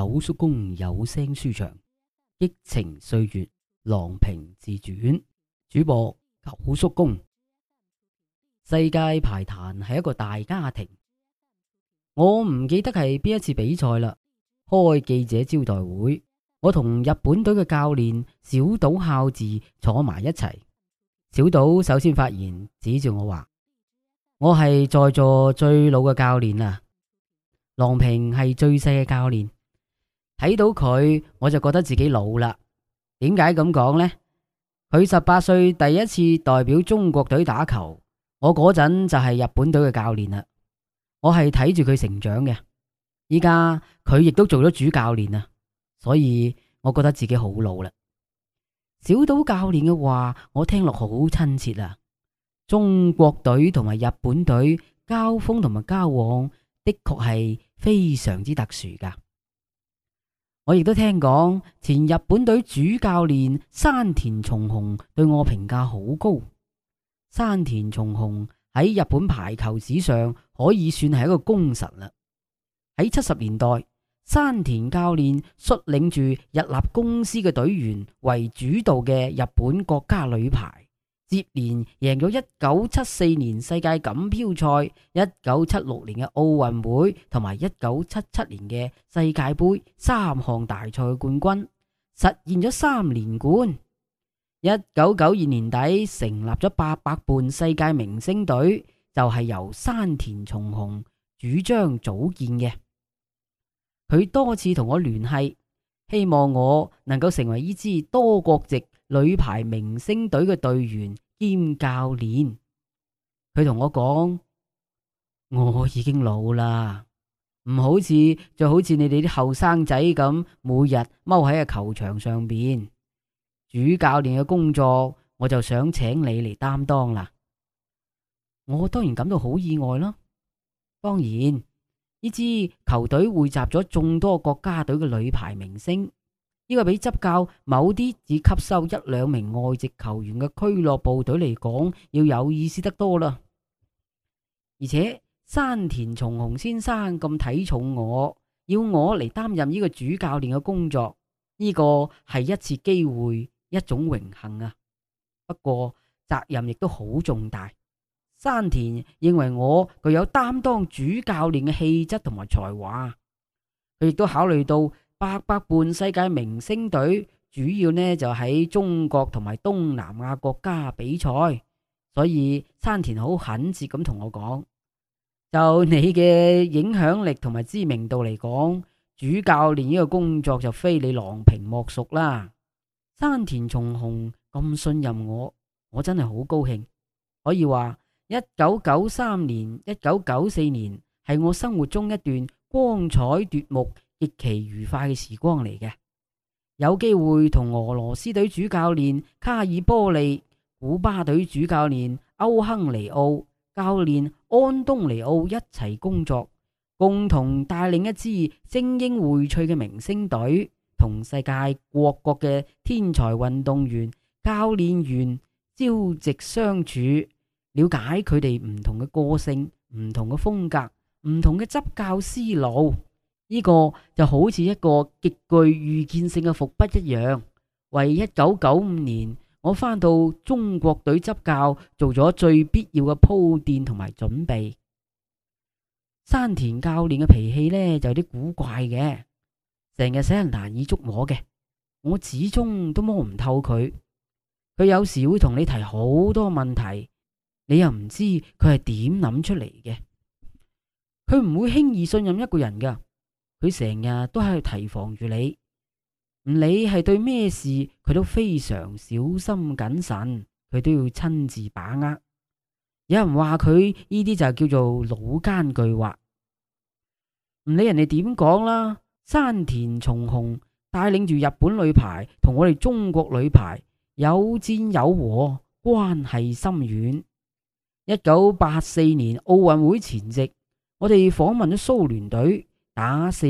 九叔公有聲書場，激情歲月，郎平自傳。主播九叔公，世界排壇係一個大家庭。我唔記得係邊一次比賽啦。開記者招待會，我同日本隊嘅教練小島孝治坐埋一齊。小島首先發言，指住我話：我係在座最老嘅教練啊！郎平係最細嘅教練。睇到佢，我就覺得自己老啦。點解咁講呢？佢十八歲第一次代表中國隊打球，我嗰陣就係日本隊嘅教練啦。我係睇住佢成長嘅，依家，佢亦都做咗主教練啊。所以我覺得自己好老啦。小島教練嘅話，我聽落好親切啊。中國隊同埋日本隊交鋒同埋交往，的確係非常之特殊噶。我亦都聽講，前日本隊主教練山田重雄對我評價好高。山田重雄喺日本排球史上可以算係一個功臣啦。喺七十年代，山田教練率領住日立公司嘅隊員為主導嘅日本國家女排。接連贏咗一九七四年世界錦標賽、一九七六年嘅奧運會同埋一九七七年嘅世界杯三項大賽冠軍，實現咗三連冠。一九九二年底成立咗八百伴世界明星隊，就係、是、由山田松雄主張組建嘅。佢多次同我聯繫，希望我能夠成為呢支多國籍。女排明星隊嘅隊員兼教練，佢同我講：我已經老啦，唔好似就好似你哋啲後生仔咁，每日踎喺個球場上邊。主教練嘅工作，我就想請你嚟擔當啦。我當然感到好意外囉。當然，呢支球隊匯集咗眾多國家隊嘅女排明星。呢個比執教某啲只吸收一兩名外籍球員嘅俱樂部隊嚟講，要有意思得多啦。而且山田松雄先生咁睇重我，要我嚟擔任呢個主教練嘅工作，呢個係一次機會，一種榮幸啊。不過責任亦都好重大。山田認為我具有擔當主教練嘅氣質同埋才華，佢亦都考慮到。八百,百半世界明星隊主要呢就喺中國同埋東南亞國家比賽，所以山田好懇切咁同我講，就你嘅影響力同埋知名度嚟講，主教練呢個工作就非你郎平莫屬啦。山田重雄咁信任我，我真係好高興。可以話，一九九三年、一九九四年係我生活中一段光彩奪目。極其愉快嘅時光嚟嘅，有機會同俄羅斯隊主教練卡爾波利、古巴隊主教練歐亨尼奧、教練安東尼奧一齊工作，共同帶領一支精英薈萃嘅明星隊，同世界各國嘅天才運動員、教練員朝夕相處，了解佢哋唔同嘅個性、唔同嘅風格、唔同嘅執教思路。呢個就好似一個極具預見性嘅伏筆一樣，為一九九五年我返到中國隊執教做咗最必要嘅鋪墊同埋準備。山田教練嘅脾氣呢，就有啲古怪嘅，成日使人難以捉摸嘅，我始終都摸唔透佢。佢有時會同你提好多問題，你又唔知佢係點諗出嚟嘅。佢唔會輕易信任一個人噶。佢成日都喺度提防住你，唔理係對咩事，佢都非常小心謹慎，佢都要親自把握。有人話佢呢啲就叫做老奸巨猾，唔理人哋點講啦。山田重雄帶領住日本女排同我哋中國女排有戰有和，關係深遠。一九八四年奧運會前夕，我哋訪問咗蘇聯隊。打四，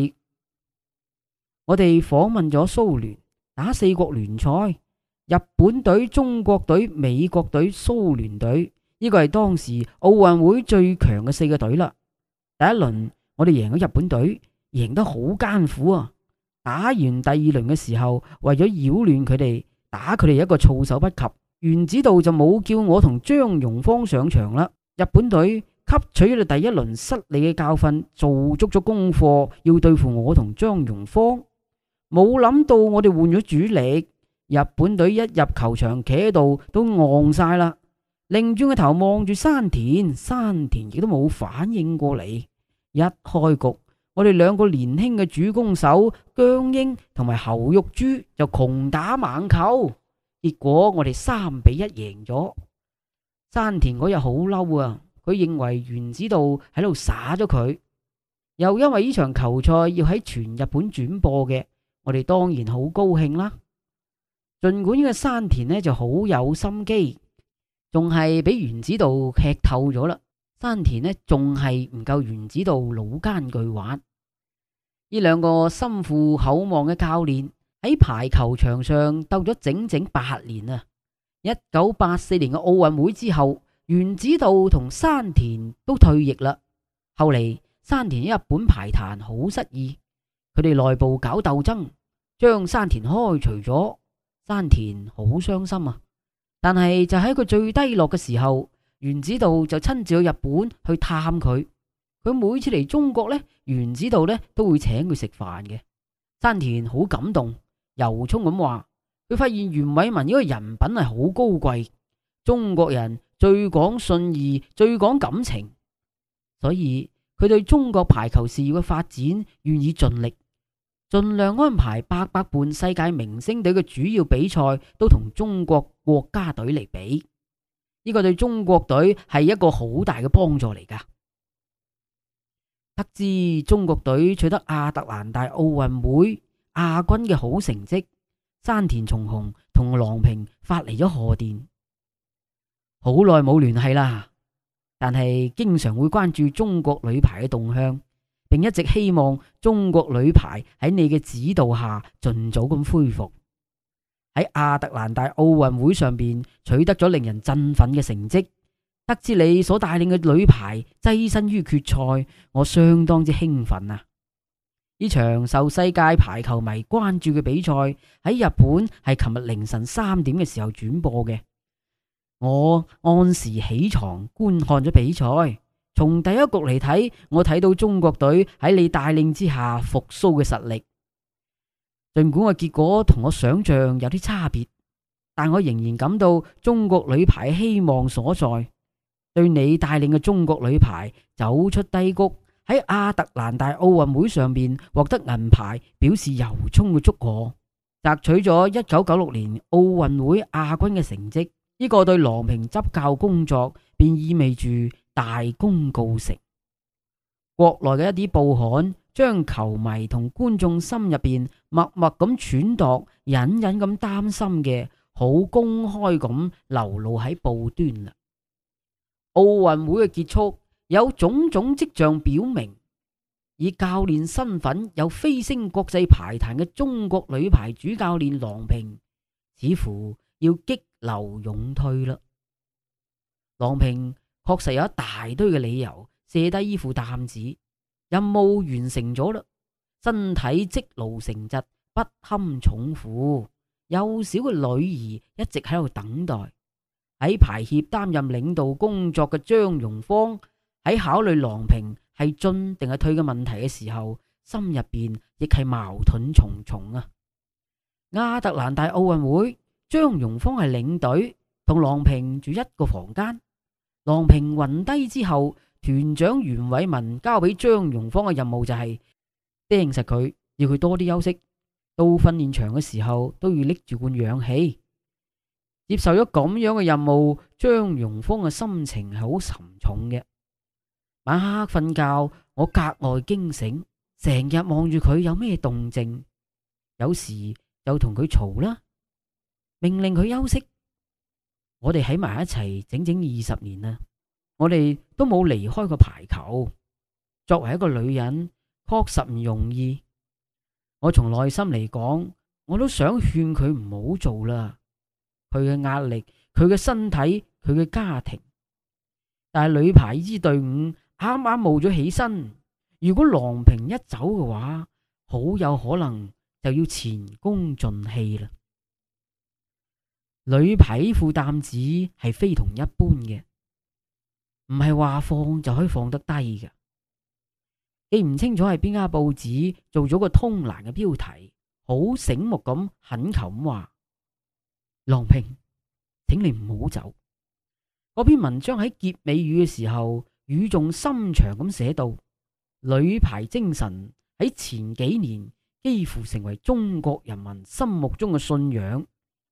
我哋訪問咗蘇聯打四國聯賽，日本隊、中國隊、美國隊、蘇聯隊，呢個係當時奧運會最強嘅四個隊啦。第一輪我哋贏咗日本隊，贏得好艱苦啊！打完第二輪嘅時候，為咗擾亂佢哋，打佢哋一個措手不及，原子道就冇叫我同張榮芳上場啦。日本隊。吸取咗第一輪失利嘅教訓，做足咗功課，要對付我同張榮芳。冇諗到我哋換咗主力，日本隊一入球場企喺度都戇晒啦，擰轉個頭望住山田，山田亦都冇反應過嚟。一開局，我哋兩個年輕嘅主攻手姜英同埋侯玉珠就窮打猛球，結果我哋三比一贏咗。山田嗰日好嬲啊！佢認為原子道喺度耍咗佢，又因為呢場球賽要喺全日本轉播嘅，我哋當然好高興啦。盡管呢個山田呢就好有心機，仲係俾原子道吃透咗啦。山田呢仲係唔夠原子道老奸巨猾。呢兩個心負厚望嘅教練喺排球場上鬥咗整整八年啊！一九八四年嘅奧運會之後。原子道同山田都退役啦。後嚟山田喺日本排壇好失意，佢哋內部搞鬥爭，將山田開除咗。山田好傷心啊！但係就喺佢最低落嘅時候，原子道就親自去日本去探佢。佢每次嚟中國呢，原子道咧都會請佢食飯嘅。山田好感動，由衷咁話，佢發現袁偉民呢個人品係好高貴，中國人。最講信義，最講感情，所以佢對中國排球事業嘅發展願意盡力，盡量安排八百半世界明星隊嘅主要比賽都同中國國家隊嚟比，呢個對中國隊係一個好大嘅幫助嚟噶。得知中國隊取得亞特蘭大奧運會亞軍嘅好成績，山田重雄同郎平發嚟咗賀電。好耐冇聯繫啦，但係經常會關注中國女排嘅動向，並一直希望中國女排喺你嘅指導下盡早咁恢復。喺亞特蘭大奧運會上面取得咗令人振奮嘅成績，得知你所帶領嘅女排躋身於決賽，我相當之興奮啊！呢場受世界排球迷關注嘅比賽喺日本係琴日凌晨三點嘅時候轉播嘅。我按時起床觀看咗比賽，從第一局嚟睇,我睇到中國隊喺你帶領之下復甦嘅實力。盡管個結果同我想象有啲差別，但我仍然感到中國女排希望所在。對你帶領嘅中國女排走出低谷，喺亞特蘭大奧運會上面獲得銀牌，表示由衷嘅祝賀，摘取咗一九九六年奧運會亞軍嘅成績。呢個對郎平執教工作便意味住大功告成。國內嘅一啲報刊將球迷同觀眾心入邊默默咁揣度、隱隱咁擔心嘅，好公開咁流露喺報端啦。奧運會嘅結束有種種跡象表明，以教練身份有飛升國際排壇嘅中國女排主教練郎平，似乎要激。流勇退啦，郎平確實有一大堆嘅理由卸低依副擔子，任務完成咗啦，身體積勞成疾，不堪重負。幼小嘅女兒一直喺度等待。喺排協擔任領導工作嘅張蓉芳喺考慮郎平係進定係退嘅問題嘅時候，心入面亦係矛盾重重啊。亞特蘭大奧運會。張榮芳係領隊，同郎平住一個房間。郎平暈低之後，團長袁偉民交俾張榮芳嘅任務就係盯實佢，要佢多啲休息。到訓練場嘅時候都要拎住罐氧氣。接受咗咁樣嘅任務，張榮芳嘅心情係好沉重嘅。晚黑瞓覺，我格外驚醒，成日望住佢有咩動靜，有時又同佢嘈啦。命令佢休息。我哋喺埋一齊整整二十年啦，我哋都冇離開過排球。作為一個女人，確實唔容易。我從內心嚟講，我都想勸佢唔好做啦。佢嘅壓力，佢嘅身體，佢嘅家庭。但係女排呢支隊伍啱啱冒咗起身，如果郎平一走嘅話，好有可能就要前功盡棄啦。女排負擔子係非同一般嘅，唔係話放就可以放得低嘅。記唔清楚係邊家報紙做咗個通欄嘅標題，好醒目咁懇求咁話：「郎平，請你唔好走」。嗰篇文章喺結尾語嘅時候語重心長咁寫到，女排精神喺前幾年幾乎成為中國人民心目中嘅信仰，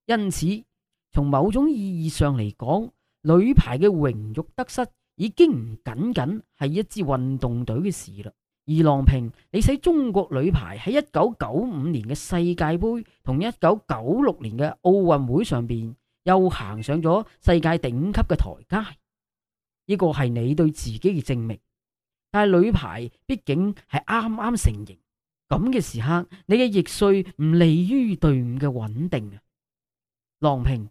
因此。從某種意義上嚟講，女排嘅榮辱得失已經唔僅僅係一支運動隊嘅事啦。而郎平，你使中國女排喺一九九五年嘅世界杯同一九九六年嘅奧運會上邊，又行上咗世界頂級嘅台階。呢個係你對自己嘅證明。但係女排畢竟係啱啱成形，咁嘅時刻，你嘅易碎唔利於隊伍嘅穩定啊，郎平。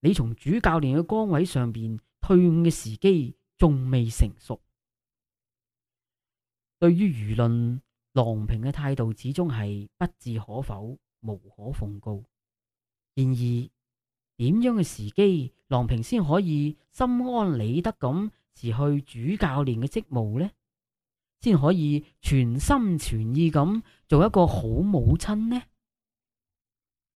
你從主教練嘅崗位上邊退伍嘅時機仲未成熟，對於輿論，郎平嘅態度始終係不置可否、無可奉告。然而，點樣嘅時機，郎平先可以心安理得咁辭去主教練嘅職務呢？先可以全心全意咁做一個好母親呢？